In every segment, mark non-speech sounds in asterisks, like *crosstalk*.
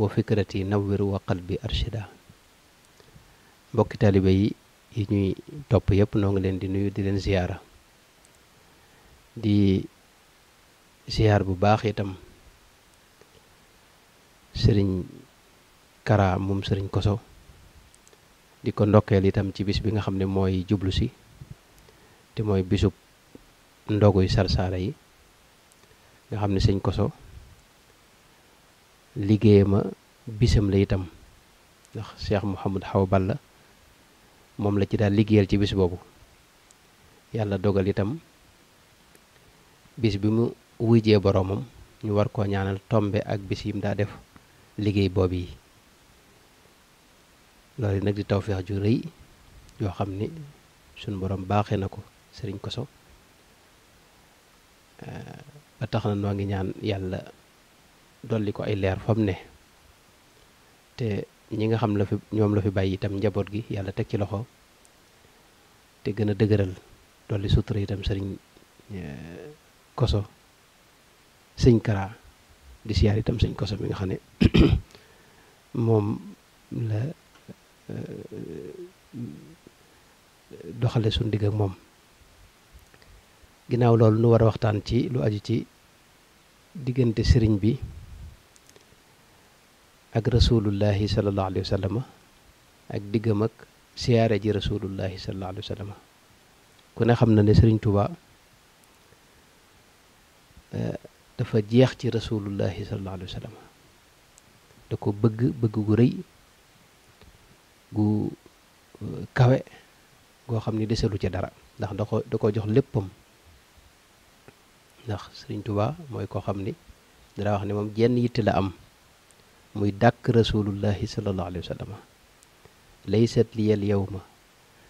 wa fikrati nawwir wa bi arshida mbokki taalibe yi yi ñuy topp yëpp noo ngi leen di nuyu di leen ziyaara di ziyaar bu baax itam sëriñ kara moom sëriñ koso di ko ndokkeel itam ci bis bi nga xam ne mooy jublu si te mooy bisub ndoguy sarsaara yi nga xam ne sëñ koso liggéeyama bisam la itam ndax Cheikh Mouhamad Xaw Balla moom la ci daal liggéeyal ci bis boobu yàlla dogal itam bis bi mu wujjee boroomam ñu war koo ñaanal tombe ak bis yim daa def liggéey boob yi loolu nag di tawféex ju rëy yoo xam ni sunu borom baaxe na ko sëriñ Koso eh, ba tax na noo ngi ñaan yàlla. dolli ko ay leer fa mu ne te ñi nga xam la fi ñoom la fi bàyyi itam njaboot gi yàlla teg ci loxo te gën a dëgëral dolli sutura itam sëriñ eh, koso sëñ kara di siyaar itam sëñ koso mi nga xam ne *coughs* moom la eh, doxale suñ digg ak moom ginnaaw loolu nu war a waxtaan ci lu aju ci diggante sëriñ bi ak rasulullahi sallallahu alayhi wa sallam ak diggam ak siyaare ji rasulullahi sallallahu alayhi wa ku ne xam na ne Sëriñ Tuubaa eh, dafa jeex ci rasulullahi sallallahu alayhi wa da ko bëgg bëgg gu rëy gu eh, kawe goo xam ni deselu ca dara ndax da ko da jox léppam ndax Sëriñ Tuubaa mooy koo xam ni dara wax ne moom jenn yitte la am muy dàkk rasulullahi sallallahu alayhi wa sallam laysat liya al yawma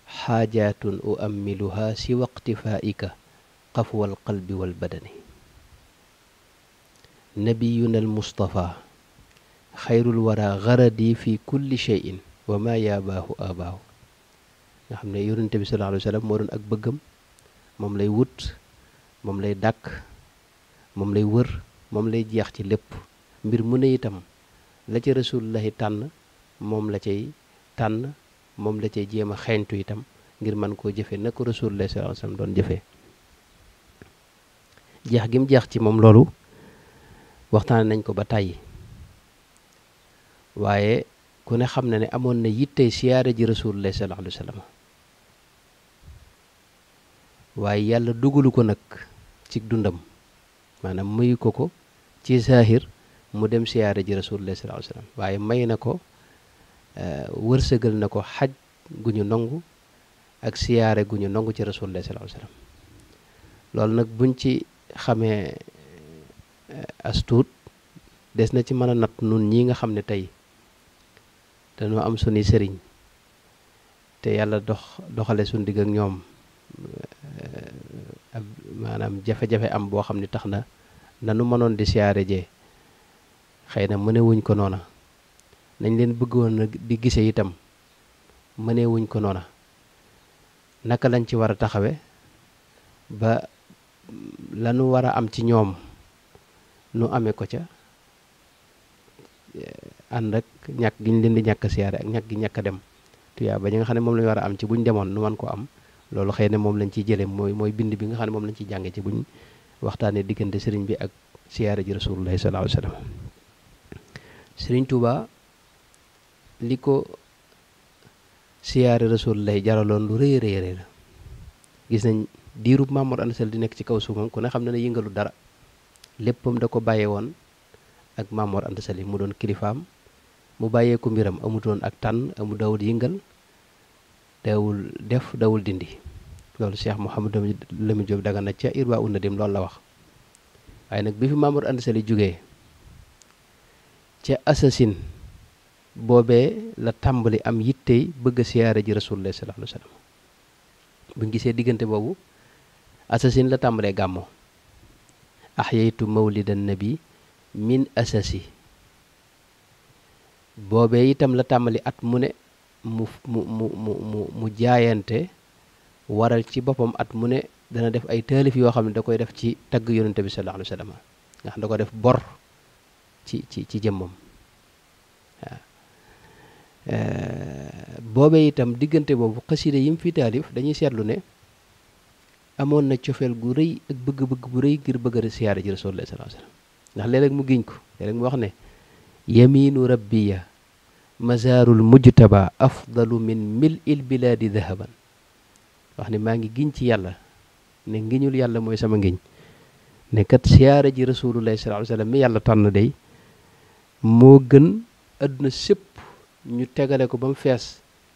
xaajaatun u ammiluha si waqtifaika qafwal qalbi wal badani nabiyuna al mustafa xayrul wara garadi fi kulli cheyin wa ma yaabaahu abaahu nga xam ne yonente bi sallallahu ak bëggam moom lay wut moom lay dàkk moom lay wër moom lay jeex ci lépp mbir mu ne itam la ca rasulullahi tànn moom la cay tànn moom la cay jéem a xeeñtu itam ngir mën koo jëfe na ko rasulullahi sallallahu doon jëfee jeex gi mu jeex ci moom loolu waxtaane nañ ko ba tàyyi waaye ku ne xam na ne amoon na yittey siyaare ji rasulullahi sallallahu alayhi wasallam waaye yàlla dugalu ko nag ci dundam maanaam mayu ko ko ci saahir mu dem siyaare ji rasulullah sallallahu alayhi wa waaye may na ko eh, wërsëgal na ko xaj gu ñu nangu ak siyaare gu ñu nangu ci rasulullah sallallahu alayhi loolu nag buñ ci xamee eh, astuut des na ci mën a natt nun ñi nga xam ne tey dañoo am sunuy sëriñ te yàlla dox doxale suñ digg ak ñoom eh, maanaam jafe-jafe am boo xam ne tax na nanu mënoon di siyaare jee xëy na mënewuñ ko noona nañ leen bëggoon di gise itam mënewuñ ko noona naka lañ ci war a taxawe ba lanu war a am ci ñoom nu amee ko ca ànd ak ñàkk gi ñu leen di ñàkk siyaare ak ñàkk gi ñàkk dem tuyaa ba nga xam ne moom lañu war a am ci buñ demoon nu man ko am loolu xëy na moom lañ ciy jëlee mooy mooy bind bi nga xam ne moom lañ ciy jànge ci buñ waxtaanee diggante sëriñ bi ak siyaare ji rasulullahi sallallahu alayhi wa sëriñ Tuuba li ko siyaare lay jaraloon lu rëy rëy rëy gis nañ diirub Mamour Anta Sall di nekk ci kaw suufam ku ne xam ne ne yëngalu dara léppam da ko bàyyee woon ak Mamour Anta Sall mu doon kilifaam mu bàyyee ko mbiram amutoon ak tànn amu dawul yëngal dawul def dawul dindi loolu Cheikh Mouhamadou Lamine Diop Dagana ca Irwa una dem loolu la wax waaye nag bi fi Mamour Anta Sall jógee ca assasine boobee la tàmbali am yittey bëgg siyaare ji rasulullah sallallahu alayhi bu ñu gisee diggante boobu assasine la tàmbalee gàmmo axyaytu mawlidan nabi min asasi boobee itam la tàmbali at mu ne mu mu mu mu mu mu jaayante waral ci boppam at mu ne dana def ay taalif yoo xam ne da koy def ci tagg yonente bi sallallahu alayhi da ko def bor ci ci ci jëmmam waaw euh, boobe itam diggante boobu xasida yi mu taalif dañuy seetlu ne amoon na cofeel gu rëy ak bëgg-bëgg bu rëy ngir bëgg a siyaare ji rasulullah sallallahu ndax léeg mu giñ ko léeg-léeg mu wax ne yaminu rabbiya mazaarul mujtaba afdalu min mil il bilaadi dahaban wax ne maa ngi giñ ci yàlla ne ngi ngiñul yàlla mooy sama ngiñ ne kat siyaare ji rasulullah sallallahu alayhi wasallam mi yàlla tànn day moo gën àdduna sépp ñu tegale ko ba mu fees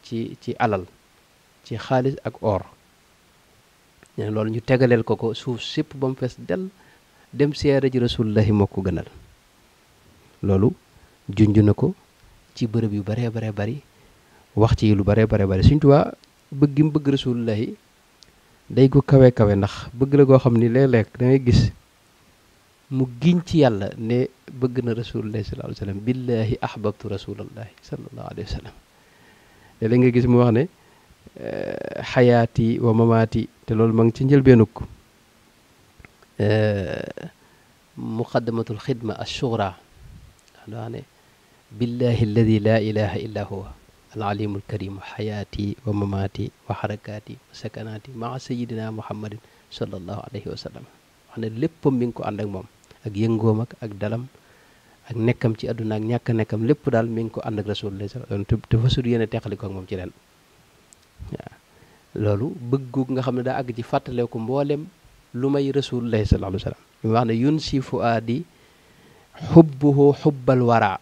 ci ci alal ci xaalis ak or nee loolu ñu tegaleel ko ko suuf sépp ba mu fees del dem siyaare ji rasulullahi moo ko gënal loolu junj na ko ci bërëb yu baree baree bari wax ci lu baree baree bari Sëñ Tuubaa bëgg mu bëgg rasulullahi day ko kawe kawe ndax bëgg la koo xam ni léeg-léeg dangay gis mu giñ ci yàlla ne bëgg na rasulullahi sallallahu alayhi wa sallam billahi ahbabtu rasulallahi sallallahu alayhi wa sallam léeg-léeg nga gis mu wax ne eh, xayaati wa mamaati te loolu ma ngi ci njëlbeenuk eh, muqaddamatul xidma assugra da wax ne billahi alladi la ilaha illa huwa alalimu alkarimu xayaati wa mamaati wa xarakaati wa sakanaati maa sayidina muhammadin sallallahu alayhi wa sallam wax ne léppam mi ngi ko ànd ak moom ak yëngoom ak ak dalam ak nekkam ci àdduna ak ñàkk nekkam lépp daal mi ko ànd ak rasulullah te fasul yéene teqali ko ak moom ci leen waaw loolu bëggu nga xam ne daa àgg ci fàttaleeku mboolem lu may rasulullah sallallahu alayhi wa sallam mi wax ne yun si fuaadi xubbuhu xubbal wara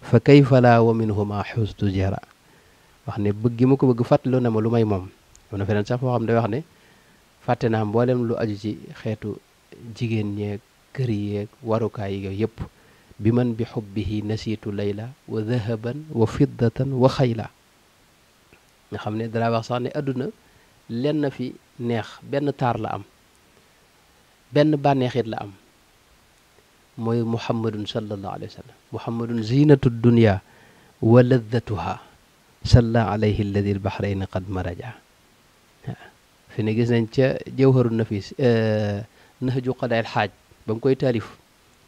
fa kayfa la wa minhuma xustu jara wax ne bëggi gi ma ko bëgg fàttaloo na ma lu may moom am na feneen sax foo xam ne day wax ne fàtte naa mboolem lu aju ci xeetu jigéen ñeeg kër yeeg warukaay yeeg yëpp bi man bi xubbihi nasiitu layla wa dahaban wa fiddatan wa xayla nga xam ne dara wax sax ni àdduna lenn fi neex benn taar la am benn bànneexit la am mooy muhammadun sallallahu alayhi wa sallam muhammadun zinatu dunia wa laddatuha salla alayhi alladi albahrayni qad maraja fi ne gis nañ ca jawharu nafis eh, nahju qadaayil xaaj ba mu koy taalif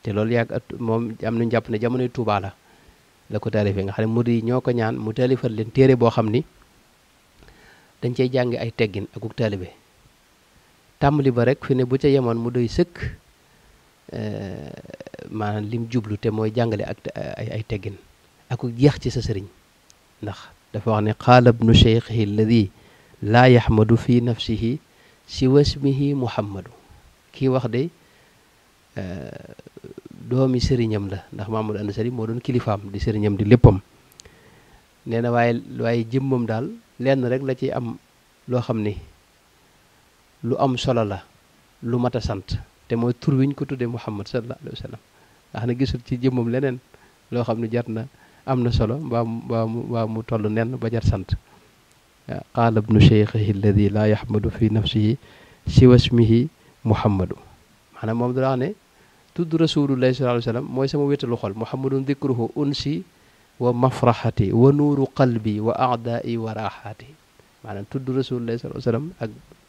te loolu yàgg at moom am nañu jàpp ne jamonoy Tuubaa la la ko taalifee nga xam ne murid ñoo ko ñaan mu taalifal leen téere boo xam ni dañ cey jàngi ay teggin akuk taalibe tàmbali ba rek fi bu ca yemoon mu doy sëkk eh, maanaam lim jublu mooy jàngale ak ay teggin akuk jeex ci sa sëriñ ndax dafa wax ne qaala bnu cheikhihi alladi laa yaxmadu fi nafsihi siwa ismihi muhammadu kii wax de Euh, doomi sëriñam la ndax Mamadou Anta Sali moo doon kilifaam di sëriñam di léppam nee na waaye waaye jëmmam daal lenn rek la ci am loo xam ni lu am solo la lu mat a sant te mooy tur wiñ ko tuddee Muhammad sallallahu alayhi wa sallam ndax na gisul ci jëmmam leneen loo xam ne jar na am na solo mbaa mu mbaa mu toll nen ba jar sant qaala ibnu cheikhihi alladi laa yaxmadu fi nafsihi siwasmihi muhammadu maanaam moom dana wax ne tudd rasulullahi sallallahu mooy sama wétalu xol muhammadun dikruhu unsi wa mafraxati wa nuuru qalbi wa aadai wa raaxaati maanaam tudd rasulullahi sallallahu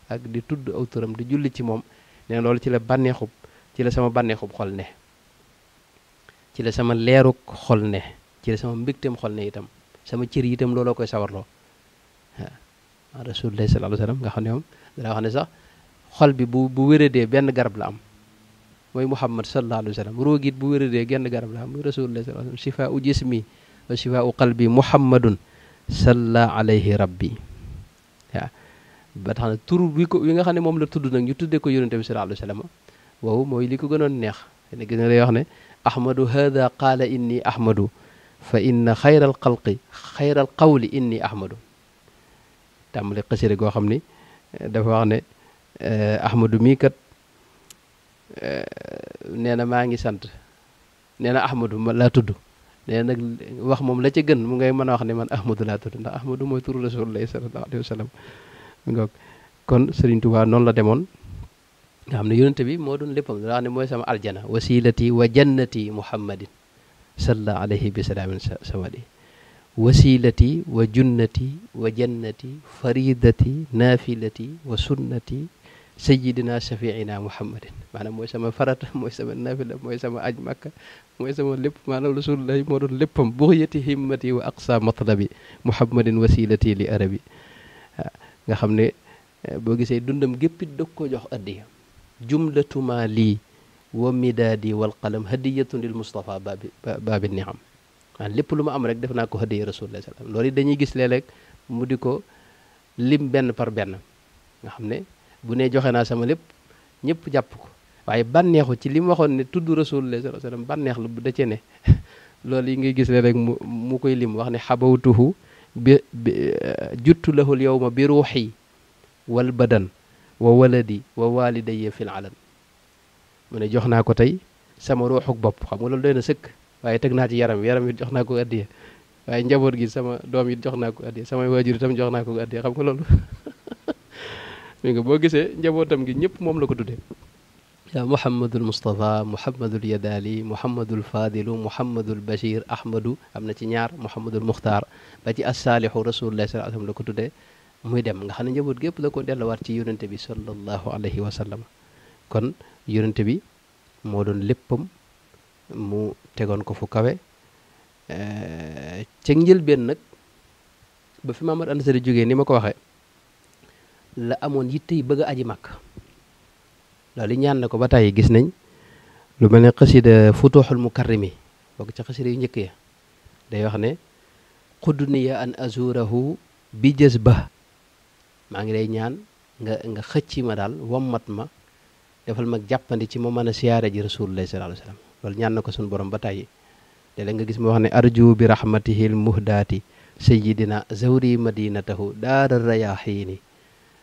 ak di tudd aw di julli ci moom nee na loolu ci la bànneexub ci la sama bànneexub xol ne ci la sama leeruk xol ne ci la sama mbégteem xol ne itam sama cër yi itam looloo koy sawarloo waaw rasulullahi sallallahu nga xam ne moom danaa wax ne sax xol bi bu bu wéradee benn garab la am mooy muhammad sallallahu alayhi wa sallam roogit bu wéradee genn garab la muy rasulullah sallallahu alayhi wa sallam shifa u jismi wa shifa u qalbi muhammadun salla alayhi rabbi waaw ba tax na tur bi ko wi nga xam ne moom la tudd nag ñu tuddee ko yonente bi sallallahu alayhi wa sallam woowu mooy li ko gënoon neex ne gis nga day wax ne ahmadu hada qaala inni ahmadu fa inna xayral xalqi xayral qawli inni ahmadu tàmbali xasida goo xam ni eh, dafa wax ne eh, ahmadu mii kat Eh, nee na maa ngi sant nee na ahmadu ma laa tudd nag wax moom la ca mu ngay mën a wax ne man ahmadu laa tudd ndax ahmadu mooy turu rasulullah sallallahu alayhi wa sallam kon sëriñ Tuubaa noonu la demoon nga xam ne yonente bi moo doon léppam daa wax ne mooy sama aljana wasilati wa jannati muhammadin salla alayhi bi salaamin samadi wasilati wa faridati nafilati wa sayidina shafiina muhammadin maanaam mooy sama farata mooy sama nafila mooy sama aj makka mooy sama lépp maanaam rasulullahi moo doon léppam buxyati himmati wa aqsa matlabi muhammadin wasilati li arabi waaw nga xam ne eh, boo gisee dundam géppit dog ko jox addiya jumlatuma lii wa midaadi wa qalam hadiyatun lil mustafa baabi ni niam waaw lépp lu ma am rek def naa ko hadiya rasulullahi salaam loolu it dañuy gis léeg-léeg mu di ko lim benn par benn nga bu ne joxe naa sama lépp ñëpp jàpp ko waaye banneexu ci li mu waxoon ne tudd rasulullah sallallahu alayhi bànneex lu bu da cee ne *laughs* loolu yi ngay gis le rek mu mu koy lim wax ne xabawtuhu bi juttu lahul yawma bi ruuxi wal badan wa waladi wa walidayya fil alan mu ne jox naa ko tey sama ruuxuk bopp xam nga lool doy na sëkk waaye teg naa ci yaram yaram it jox naa ko addiya waaye njaboot gi sama doom it jox naa ko addiya samay waajur tam jox naa ko addiya xam nga loolu *laughs* mi nga boo gisee njabootam gi ñëpp moom la ko tuddee yaa Mouhamadul Moustapha Mouhamadul Yadali Mouhamadul Fadilu Mouhamadul Bachir Ahmadu am na ci ñaar Mouhamadul Muxtaar ba ci asaalixu rasulullah sallallahu alayhi wa sallam la ko tuddee muy dem nga xam ne njaboot gépp la ko delluwaat ci yonente bi sallallahu alayhi wa sallam kon yonente bi moo doon léppam mu tegoon ko fu kawe eh, ca njëlbeen nag ba fi Maamar daan Sali jógee ni ma ko waxee la amoon yitte yi bëgg a aji màkk loolu ñaan na ko ba tàyyi gis nañ lu mel ne xasida futuxul mukarrimi bokk ca xasida yu njëkk ya day wax ne xudduniya an azurahu bi jës ba maa ngi lay ñaan nga nga xëcci ma daal wammat ma defal mag jàppandi ci ma mën a siyaare ji rasulullah sallallahu alayhi wasallam loolu ñaan na ko suñ borom ba tàyyi léeg-léeg nga gis mu wax ne arju bi rahmatihil muhdaati sayyidina zawri madinatahu daara rayaxiini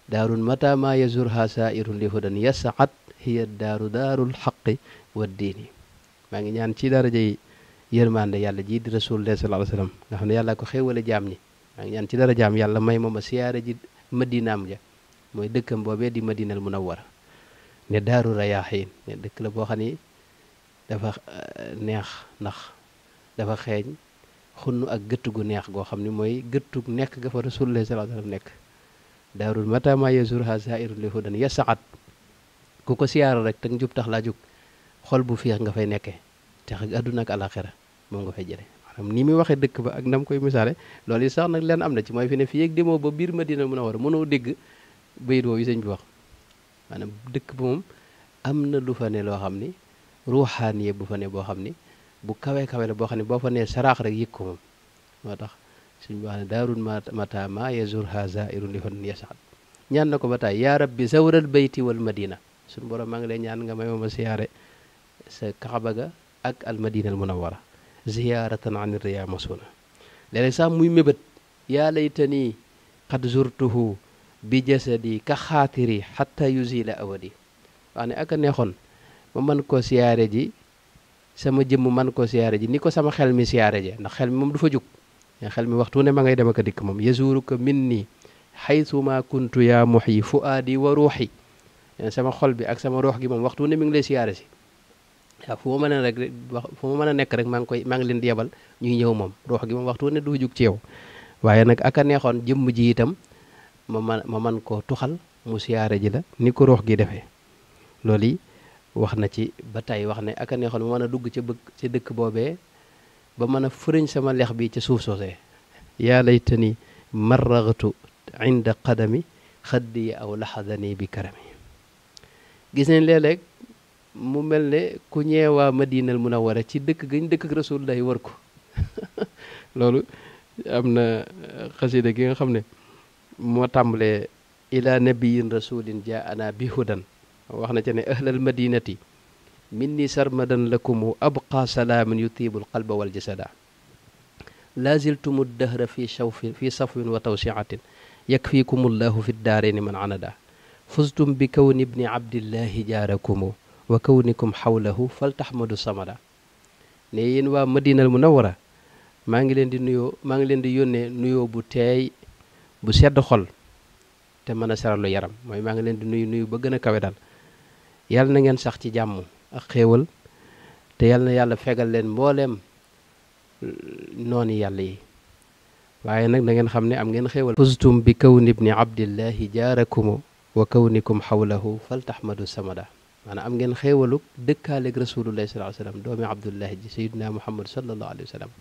daarun mata ma yazurha sairun li hudan yasaat hiya daaru daarul xaqi wa diini maa ngi ñaan ci daraja yi yërmande yàlla jii di rasulullah sallallahu alayhi wasallam nga xam ne yàlla ko xéewale jaam ñi maa ngi ñaan ci dara jaam yàlla may ma ma siyaare ji madinaam ja mooy dëkkam boobee di madinal munawwara ne daaru rayaaxiin ne dëkk la boo xam ni dafa eh, neex ndax dafa xeeñ xunn ak gëtt gu neex goo xam ni mooy gëttu nekk ga fa rasulullah sallallahu alayhi wasallam nekk ma daarul matama yesurha zairul yahudan yasaat ku ko siyaara rek te njub tax laa jóg xol bu fiix nga fay nekkee tax àdduna ak alaxira moom nga fay jële maanaam ni muy waxee dëkk ba ak nam koy misaale loolu yi sax nag leen am na ci mooy fi ne fii ak demoo ba biir Madina mën a war a mënoo dégg bayit woowu sëñ bi wax maanaam dëkk ba moom am na lu fa ne loo xam ni ruuxaaniye bu fa ne boo xam ni bu kawe kawe la boo xam ne boo fa ne saraax rek yëg ko moom suñ wax ne daarun mata ma yazur ha zairun li fan yasaat ñaan na ko ba taay yaa rabbi zawral bayti wal madina suñ borom maa ngi lay ñaan nga may ma ma siyaare sa kaxaba ga ak al madina al munawara ziyaaratan an riya masuna léeg-léeg sax muy mébét yaa laytani qad zurtuhu bi jasadi ka xaatiri xatta yuzila awadi wax ne ak neexoon ma mën koo siyaare ji sama jëmm mën koo siyaare ji ni ko sama xel mi siyaare ji ndax xel mi moom du fa jug xel mi waxtu ne ma ngay dem ak a dikk moom yazuruka minni xaytuma kuntu yaa muxyi fuaadi wa ruuxi sama xol bi ak sama ruux gi moom waxtu ne mi ngi lay siyaare si mën a rek wax mën a nekk rek maa ngi koy maa leen di yebal ñuy ñëw moom ruux gi moom waxtu ne du jug ci yow waaye nag ak a neexoon jëmm ji itam ma man ma man koo tuxal mu siyaare ji la ni ko ruux gi defee loolu wax na ci ba tey wax ne ak a neexoon ma mën a dugg ca bëgg ci dëkk boobee ba mën a fëriñ sama lex bi ci suuf soosee yaa laytani marraghtu inda qadami xaddi aw laxadani bi karami gis nañ léeg mu mel ni ku ñeewaa a munawara ci dëkk gañ dëkk ak rasulullahi war ko *laughs* loolu am na xasida gi nga xam ne moo tàmbalee ila nabiyin rasulin jaa ana bi hudan wax na ca ne ahlal madinati minni sarmadan lakumu abqa salaamin yutiibul qalba wal jasada laaziltumu dahra fi shawfin fi safwin wa tawsiatin yakfikum allahu fi daareeni man anada fustum bi kawni ibni abdillahi jaarakumu wa kawnikum xawlahu faltaxmadu samada ne yéen waa madinal munawara maa ngi leen di nuyoo maa ngi leen di yónnee nuyoo bu teey bu sedd xol te mën a seralu yaram mooy maa ngi leen di nuyu nuyu ba gën a kawe daal yàlla na ngeen sax ci jàmm ak xéewal te yal na yàlla fegal leen mbooleem noon yàlla yi waaye nag da ngeen xam ne am ngeen xéewal fustum bi kawni ibni abdillahi jaarakumu wa kawnikum xawlahu faltaxmadu samada maanaam am ngeen xéewaluk dëkkaaleg rasulullahi sallallahu alayhi wa sallam doomi abdullahi ji sayiduna muhammad sallallahu alayhi wa sallam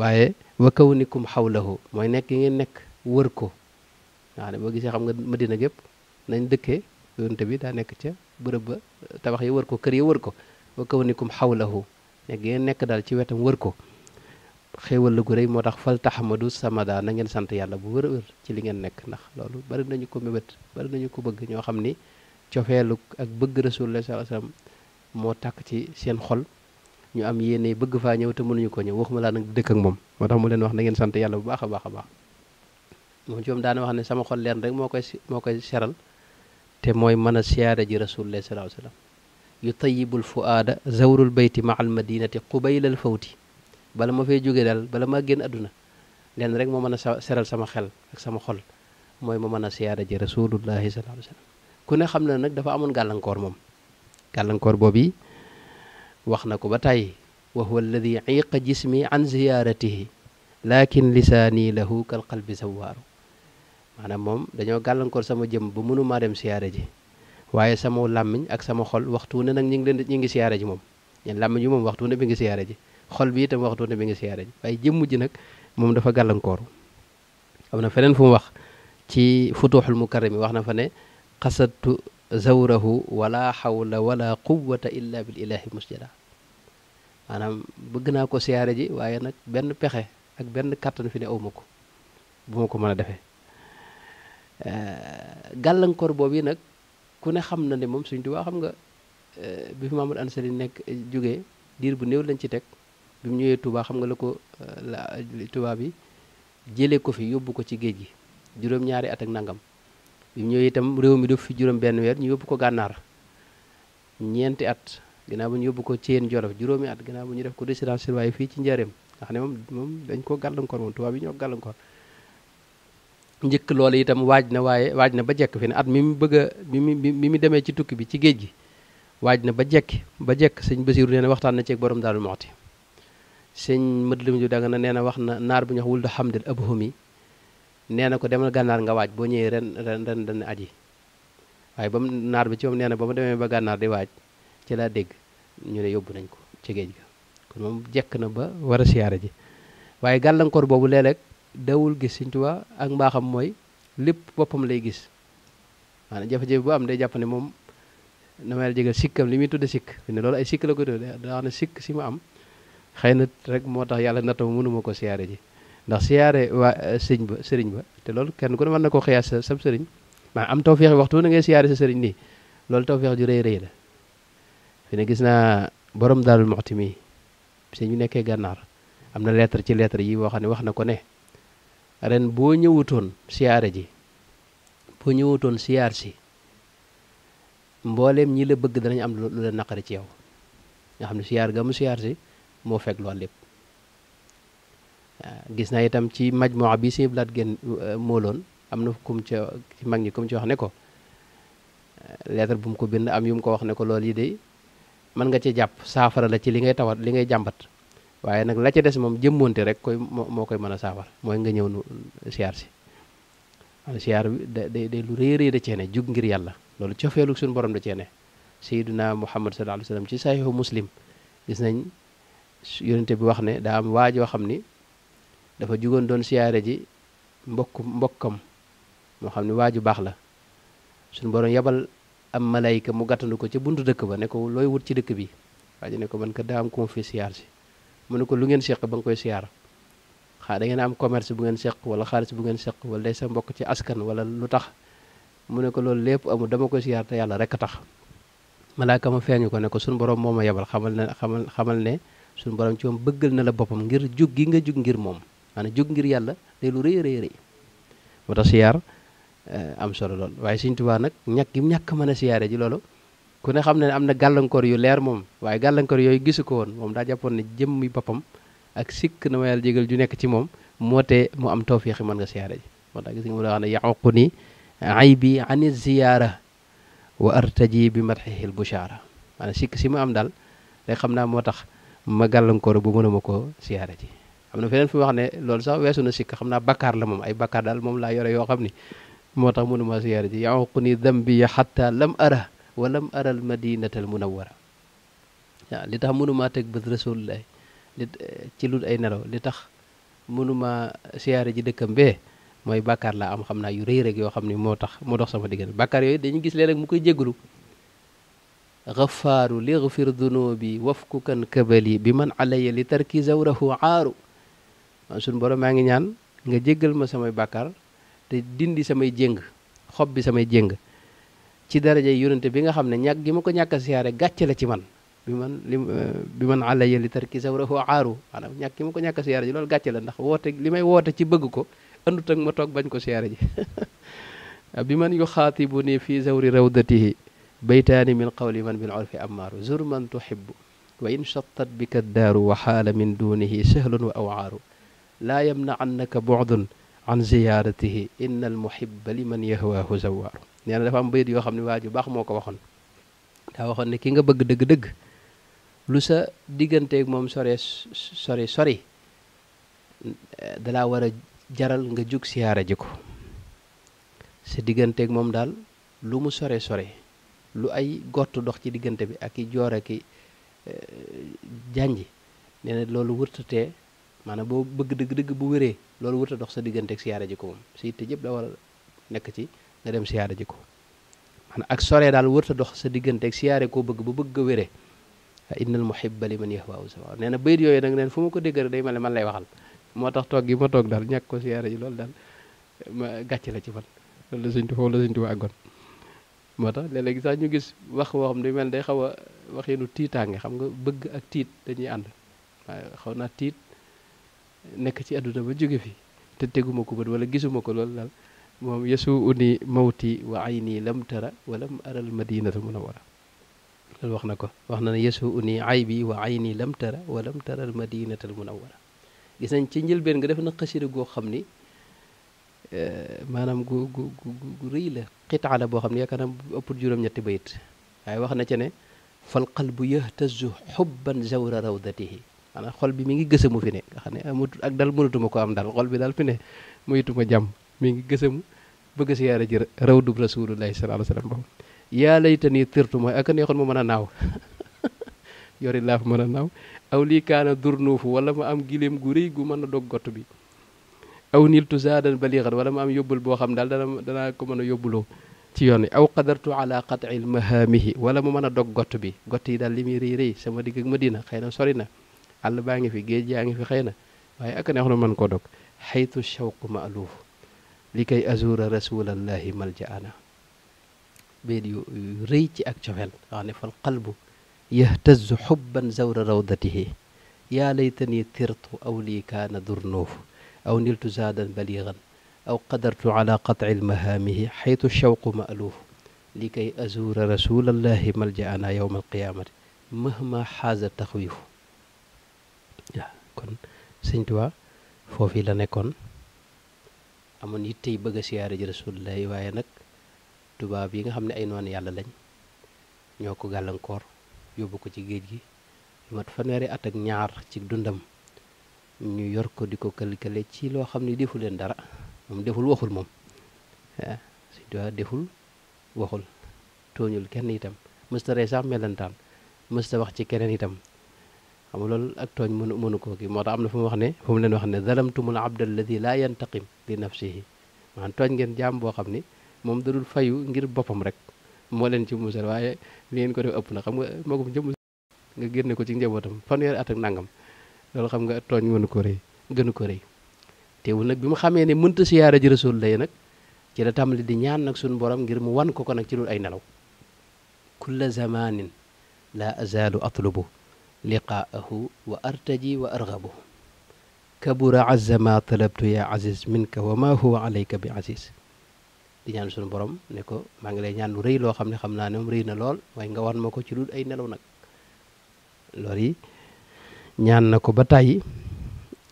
waaye wa kawnikum xawlahu mooy nekk ngeen nekk wër ko waaw boo gisee xam nga madina gépp nañ dëkkee yonte bi daa nekk ca bërëb ba tabax yi wër ko kër yi wër ko wa kawnikum xawlahu nekk ngeen nekk daal ci wetam wër ko xéewal la gu rëy moo tax fal taxamadu samada na ngeen sant yàlla bu wër wër ci li ngeen nekk ndax loolu bari nañu ko mébét bari nañu ko bëgg ñoo xam ni cofeelu ak bëgg rasulullah sallallahu alayhi wasallam moo tàkk ci seen xol ñu am yéene bëgg faa ñëw te mënuñu ko ñëw waxuma laa nag dëkk ak moom moo tax mu leen wax na ngeen sant yàlla bu baax a baax a baax moom ci moom daana wax ne sama xol leen rek moo koy moo koy seral te mooy mën a siyaara ji rasulullah sallallahu alayhi wa sallam yu tayibul fuaada zawrul bayti ma al madinati qubaylal fawti bala ma fay jóge daal bala maa génn àdduna lenn rek moo mën a seral sama xel ak sama xol mooy ma mën a siyaara ji rasulullahi sallallahu alayhi wa sallam ku ne xam na nag dafa amoon gàllankoor moom gàllankoor boobu wax na ko ba tàyyi wa huwa alladi iqa jismi an ziyaaratihi lakin lisaani lahu kal qalbi zawaaru maanaam moom dañoo gàllankoor sama jëm ba mënumaa dem siyaare ji waaye sama làmmiñ ak sama xol waxtu ne nag ñi ngi leen ñu ngi siyaare ji moom ñeen làmmiñ bi moom waxtu ne bi ngi siyaare ji xol bi tam waxtu ne bi ngi siyaare ji waaye jëmm ji nag moom dafa gàllankooru am na feneen fu mu wax ci futuuxul mukarrami wax na fa ne xasattu zawrahu wala xawla wala quwata illa bi ilahi musjada maanaam bëgg naa ko siyaare ji waaye nag benn pexe ak benn kàttan fi ne awma ko bu ko mën a defee Euh, gàllankoor boobu yi nag ku ne xam na ne moom suñ Tuubaa xam nga euh, bi fi Mamadou Ansari nekk jóge diir bu néew lañ ci teg bi mu ñëwee Tuubaa xam nga la ko euh, la Tuubaa bi jëlee ko fi yóbbu ko ci géej gi juróom-ñaari at ak nangam bi mu ñëwee itam réew mi def fi juróom benn weer ñu yóbbu ko gànnaar ñeenti at ginnaaw bu ñu yóbbu ko Thiène Jolof juróomi at ginnaaw bu ñu def ko résidence surveillée fii ci Njaaréem nga ne moom moom dañ ko gàllankoor moom Tuubaa bi ñoo gàllankoor njëkk loola itam waaj na waaye waaj na ba jekk fi ne at mi mu bëgg a mi mu mi mu demee ci tukki bi ci géej gi waaj na ba jekki ba jekk sëñ Basiiru nee na waxtaan na ceeg borom Daaru Muxti sëñ Madlum ju danga na nee na wax na naar bu ñu wax wul da xamdel abhumi nee na ko demal gànnaar nga waaj boo ñëwee ren ren ren ren aji waaye ba naar bi ci moom nee na ba mu demee ba gànnaar di waaj ci laa dégg ñu ne yóbbu nañ ko ci géej ga kon moom jekk na ba war a siyaare ji waaye gàllankoor boobu léeg dawul gis Sëñ Tuubaa ak mbaaxam mooy lépp boppam lay gis maanaam jafe-jafe bu am day jàpp ne moom damay jégal sikkam li muy tudde sikk ne lool ay sikk la ko tudde daa ne sikk si ma am xëy na rek moo tax yàlla nattama mënuma ko siyaare ji ndax siyaare waa eh, sëñ ba sëriñ ba te loolu kenn ku ne na ko xiyaas sa sëriñ maanaam am tawféex waxtu na ngay siyaare sa sëriñ nii loolu tawféex ju rëy rëy la fi ne gis naa borom daal Muxti mi sëñ bi nekkee gànnaar am na lettre ci lettre yi boo xam ne wax na ko ne ren boo ñëwutoon siyaare ji boo ñëwutoon siyaar si mbooleem ñii la bëgg danañ am lu la naqari ci yow nga xam ne siyaar ga mu siyaar si moo fekk loolu lépp gis naa itam ci majmuwa bi si laat gën mooloon am na kum ca ci mag ñi kum ci wax ne ko eh, lettre bu mu ko bind am yu mu ko wax ne ko lool yi de mën nga ci jàpp saafara la ci li ngay tawat li ngay jàmbat waaye nag la ca des moom jëmmoonte rek koy moo koy mën a saafara mooy nga ñëw nu siyaar si wala siyaar bi da day lu rëy rëy da cee ne jug ngir yàlla loolu cofeelu suñu borom da cee ne sayyiduna muhammad sallallahu alayhi wasallam ci sahihu muslim gis nañ yonente bi wax ne daa am waajoo xam ni dafa jugoon doon siyaare ji mbokk mbokkam moo xam ne waaju baax la suñ borom yabal am malayka mu gàttandu ko ca buntu dëkk ba ne looy wut ci dëkk bi waa ji ne ko man ka daa am ko siyaar si mu ne ko lu ngeen seq ba nga koy siyaar xaa da ngeen am commerce bu ngeen seq wala xaalis bu ngeen seq wala day sa ci askan wala lu tax mu ne ko loolu lépp amul dama koy siyaar te yàlla rek a tax malaaka ma feeñu ko ne ko suñu borom moo ma yebal xamal ne xamal xamal ne suñu borom ci moom bëggël na la boppam ngir jug gi nga jug ngir moom ana jug ngir yàlla day lu rëy rëy rëy moo tax siyaar eh, am solo lool waaye Sëriñ Tuubaa nag ñàkk gi ñàkk mën a siyaare ji loolu ku ne xam ne am na gàllankoor yu leer moom waaye gàllankoor yooyu gisu ko woon moom daa jàppoon ne jëmmi boppam ak sikk na ma yàlla jégal ju nekk ci moom moo mu am tawfiix mën nga siyaare ji moo tax gis nga mu la ni aybi ani ziyaara wa artaji bi madxihi l bushaara maanaam sikk si ma am daal rek xam naa moo tax ma gàllankoor bu mënuma ko siyaare ji am na feneen fi wax ne loolu sax weesu na sikk xam naa bakkaar la moom ay bakkaar daal moom laa yore yoo xam ni moo tax mënuma siyaare ji yaxuqu ni dambi xata lam ara walam aral madinatal munawwara waaw li tax mënumaa teg bët rasulullahi li ci lu ay nelaw li tax mënumaa siyaare ji dëkkam bee mooy bàkkaar laa am xam naa yu rëy rek yoo xam ne moo tax moo dox sama diggante bàkkaar yooyu dañu gis léeg-léeg mu koy jégalu xafaaru ligfir dunubi wafkukan kabali bi man alaya li tarki zawrahu aaru man suñ borom maa ngi ñaan nga jéggal ma samay bàkkaar te dindi samay jéng xob bi samay jéng ci daraja yonente bi nga xam ne ñàkk gi ma ko ñàkk a siyaare gàcce la ci man bi man li eh, bi man àlaya li tarki sawrahu aaru maanaam ñàkk gi ma ko ñàkk a siyaare ji loolu gàcce la ndax woote li may woote ci bëgg ko andut ak ma toog bañ ko siyaare ji *laughs* bi man yu xaatibu ni fii zawri rawdatihi baytaani min qawli man bil urfi ammaaru zur man tuhibbu wa in chattat bika ddaaru wa xaala min dunihi sahlun wa awaaru laa yamna annaka bu'dun an ziyaaratihi inna almuhibba liman yahwaahu zawaaru nee na dafa bayit yoo xam ne waa baax moo ko waxoon daa waxoon ne ki nga bëgg dëgg-dëgg lu sa digganteeg moom sore sori sori dalaa war a jaral nga jug siyaara ji ko sa digganteeg moom daal lu mu sore sore lu ay gott dox ci diggante bi ak i joor ak i eh, jànji nee na loolu wërtatee maanaam boo bëgg dëgg-dëgg bu wéree loolu wërta dox sa digganteek siyaara ji ko moom si itte jëpp da war a nekk ci nga dem siyaare ji ko maanaam ak soree daal wërta dox sa digganteeg siyaare koo bëgg ba bëgg ko a wére wa innal muhibba liman yahwa sawa nee na bayit yooyu nag neen fu ma ko dégg day mel man lay waxal moo tax toog gi ma toog daal ñàkk ko siyaare loolu daal ma gàcce la ci man loolu la suñtu foofu la suñtu wa moo tax léeg-léeg sax ñu gis wax woo xam day mel day xaw a wax yenu tiitaange xam nga bëgg ak tiit dañuy ànd waaye xaw naa tiit nekk ci àdduna ba jóge fi te teguma ko bët wala gisuma ko loolu daal moom yesu uni mawti wa ayni lam tara walam aral madinatu munawara loolu wax na ko wax na ne yesu uni aybi wa ayni lam tara walam tara al madinatal munawara gis nañ ci njëlbeen nga def na xasida goo xam ni eh, maanaam gu gu gu rëy la xitaala boo xam ne yaakaar naa ëpp juróom-ñetti bayit waaye wax na ca ne fal qalbu yahtazu xubban zawra rawdatihi maanaam xol bi mi ngi gësamu fi ne nga xam ne amatul ak dal mënatuma ko am daal xol bi daal fi ne muyituma jàmm mi ngi gësamu bëgg siyaara ji raw dub rasulullahi sallallahu alayhi wa sallam boobu yaa layta nii tirtu mooy ak a neexoon ma mën a naaw *laughs* yori laaf mën a naaw aw lii kaana durnuufu wala ma am giléem gu rëy gu mën a dog gott bi aw niltu zaadan baliixan wala ma am yóbbul boo xam daal dana danaa ko mën a yóbbuloo ci yoon wi aw qadartu ala qatil mahaamihi wala mu mën a dog gott bi gott yi daal li muy rëy rëy sama digg ak Madina xëy na sori na àll baa ngi fi géej yaa ngi fi xëy na waaye ak a neexoon ma mën koo dog xaytu shawqu maaluufu likay azura rasulallahi maljaana bayit yu rëy ci ak cofeel wax ne fal qalbu yahtazu xubban zawra rawdatihi yaa laytani tirtu aw lii kaana durnuuf aw niltu zaadan baliigan aw qadartu ala qatci lmahaamihi xaytu shawqu maaluuf likay azura rasulallahi maljaana yowma alqiyaamati mahma xaaza taxwiifu waaw kon sëñ Tuubaa foofu la nekkoon amoon yitte yi bëgg a siyaare ji lay waaye nag tubaab yi nga xam ne ay noonu yàlla lañ ñoo ko gàllankoor yóbbu ko ci géej gi lu mat fanweeri at ak ñaar ci dundam ñu yor ko di ko këlikële ci loo xam ne defu leen dara moom deful waxul moom ah eh, suñ tubaab deful waxul tooñul kenn itam mësta rey sax melentaan mësta wax ci keneen itam xam nga loolu ak tooñ mënu mënu koo kii moo ta am na fu mu wax ne fu mu leen wax ne zalamtumul abd alladi laa yantaqim li nafsihi maanaam tooñ ngeen jaam boo xam ni moom dadul fayu ngir boppam rek moo leen ci musal waaye li ngeen ko def ëpp na xam nga magum jëm nga génne ko ci njabootam fanweeri at nangam loolu xam nga tooñ mënu ko rëy gënu ko rëy teewul nag bi mu xamee ne mënta siyaara ji rasul lay nag ci la tàmbali di ñaan nag suñu borom ngir mu wan ko ko nag ci loolu ay nelaw kulla zamanin la azalu atlubu liqaahu wa artaji wa argabu kabura azza ma talabtu ya aziz minka wa huwa alayka bi aziz di ñaan suñu borom ne ko maa ngi lay ñaan rëy loo xam ne xam naa ne moom na lool waaye nga wan ma ko ci dul ay nelaw nag loolu yi ñaan na ko ba tàyyi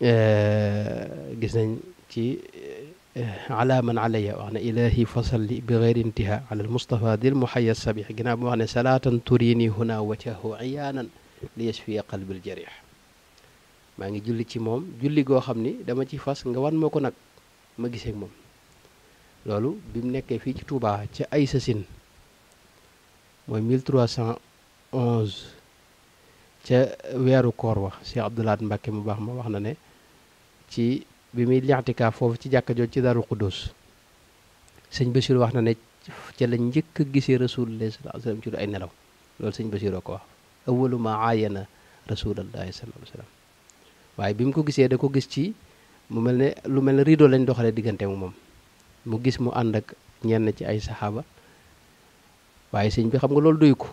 eh, gis nañ ci eh, ala man alayya wax na ilahi fasalli bi geyri intiha ala al mustafa dil muhaya sabih ginnaaw bi wax ne salaatan turini huna wajhahu iyaanan li yashfi qalbil jarih maa ngi julli ci moom julli goo xam ni dama ci fas nga wan ma ko nag ma gisee moom loolu bi mu nekkee fii ci Touba ca ay sasin mooy 1311 ca weeru koor wax Cheikh Abdoulaat Mbacke mu baax ma wax na ne ci bi muy lixtikaaf foofu ci jàkka jooju ci Daaru Xuddoos sëñ Bachir wax na ne ca la njëkk gisee Rasulullah sallallahu alayhi wasallam ci ay nelaw loolu sëñ Bachir a ko wax awalu ma aayana rasulallahi sallallahu alayhi wa waaye bi mu ko gisee da ko gis ci mu mel ne lu mel ne rideau lañ doxalee diggante mu moom mu gis mu ànd ak ñenn ci ay saxaaba waaye sëñ bi xam nga loolu duy ko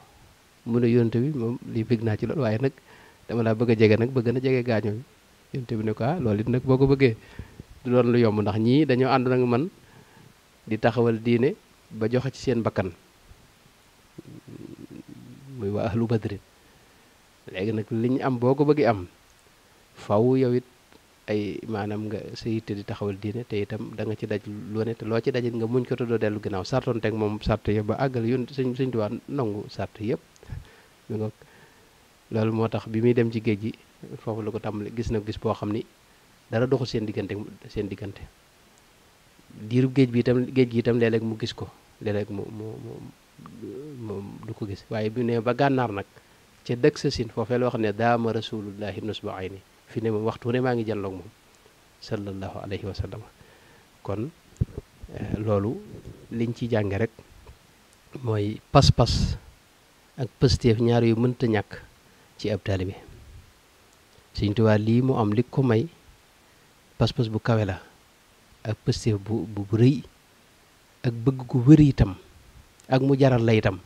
mu ne yonte bi moom lii bëgg naa ci lool waaye nag dama laa bëgg a jege nag bëgg na jege gaañoo yonte bi ne ko ah loolu it nag boo ko bëggee du doon lu yomb ndax ñii dañoo ànd nag man di taxawal diine ba joxe ci seen bakkan muy waa ahlu badrin léegi nag li ñu am boo ko bëggee am faw yow it ay maanaam nga sa yitte di taxawal diine te itam da nga ci daj lu ne te loo ci dajit nga muñ ko te doo dellu ginnaaw sartoon teg moom sart yëpp ba àggal yun suñ suñ tubaab nangu sart yëpp *laughs* mi loolu moo tax bi muy dem ci géej gi foofu la ko tàmbali gis nag gis boo xam ni dara doxul seen diggante seen diggante diiru géej bi itam géej gi itam léeg mu gis ko léeg-léeg mu mu mu du ko gis waaye bi ne ba gànnaar nag ca dëkk sa sin foofee la wax ne daama rasulullahi ibnu subaayni fi ne moom waxtu ne maa ngi jàlloog moom sallallahu alayhi wa kon eh, loolu liñ ci jànge rek mooy pas-pas ak pësteef ñaar yu mënta ñàkk ci ab taalibe Sëñ Tuubaa lii mu am li ko may pas-pas bu kawe la ak pësteef bu bu rëy ak bëgg gu wër itam ak mu jaral la itam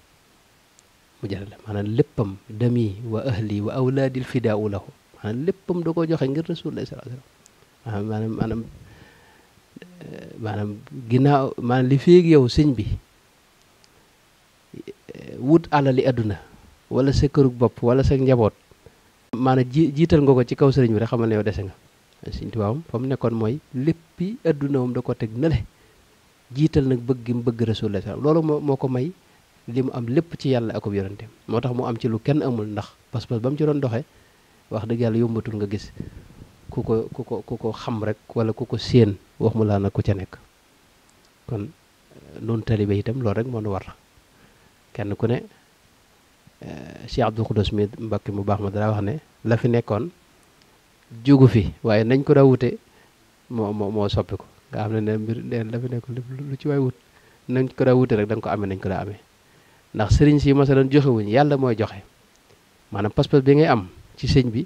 mu jaral maanaam léppam dami wa ahli wa awlaadil fidaau lahu maanaam léppam da koo joxe ngir rasulullah sallallahu alayhi wa sallam maanaam maanaam eh, maanaam ginnaaw maanaam li féeg yow bi eh, wut alali àdduna wala sa kërug bopp wala sa njaboot maanaam ji jiital nga ko ci kaw sëriñ bi rek xamal ne yow dese nga sëñ tubaabam fa mu nekkoon mooy léppi àdduna moom da ko teg jiital nag bëgg mu bëgg rasulullah loolu moo may li mu am lépp ci yàlla akub yonenteem moo tax mu am ci lu kenn amul ndax pas-pas ba mu ci doon doxee wax dëgg yàlla yombatul nga gis ku ko ku ko ku ko xam rek wala ku ko séen wax mu laa nag ko ca nekk kon noonu talibe itam loolu rek moo nu war na kenn ku ne eh, Cheikh Abdou Khoudous mi mbakki mu baax ma dara wax ne la fi nekkoon jugu fi waaye nañ ko daa wute moo moo moo soppi ko nga xam na ne mbir la fi nekkoon lu ci waay wut nañ ko daa wute rek da nga ko amee nañ ko daa amee ndax sëriñ si masalan joxewuñ yàlla mooy joxe maanaam pas-pas bi ngay am ci sëñ bi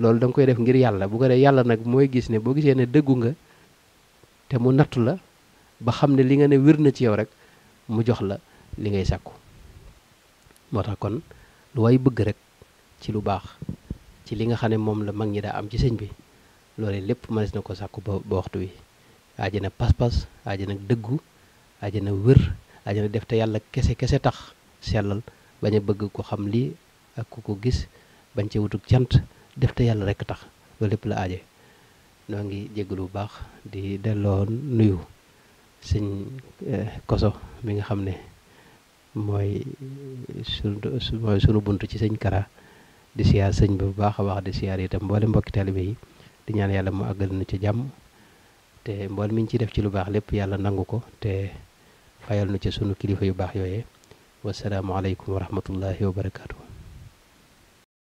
loolu danga koy def ngir yàlla bu ko dee yàlla nag mooy gis ne boo gisee ne dëggu nga te mu nattu la ba xam ne li nga ne wér na ci yow rek mu jox la li ngay sàkku moo tax kon lu way bëgg rek ci lu baax ci li nga xam ne moom la mag ñi daa am ci sëñ bi loolu lépp mënees na ko sàkku ba ba waxtu wi aajana pas-pas aajana dëggu aajana wér aja nag def te yàlla kese kese tax sellal bañ bëgg ko xam lii ak ko gis bañ ci wutuk cant def te yàlla rek tax loolu lépp la aaje noo ngi jégalu bu baax di delloo nuyu sëñ eh, koso mi nga xam ne mooy su mooy sunu bunt ci sëñ kara di siyaar sëñ bi bu baax a baax di siyaar itam mboole mbokki taalibe yi di ñaan yàlla mu àggal na ci jàmm te mbool miñ ñu ci def ci lu baax lépp yàlla nangu ko fayal nu ci sunu kilifa yu baax yooyee wasalaamualeykum wa rahmatullahi wa barakaatu.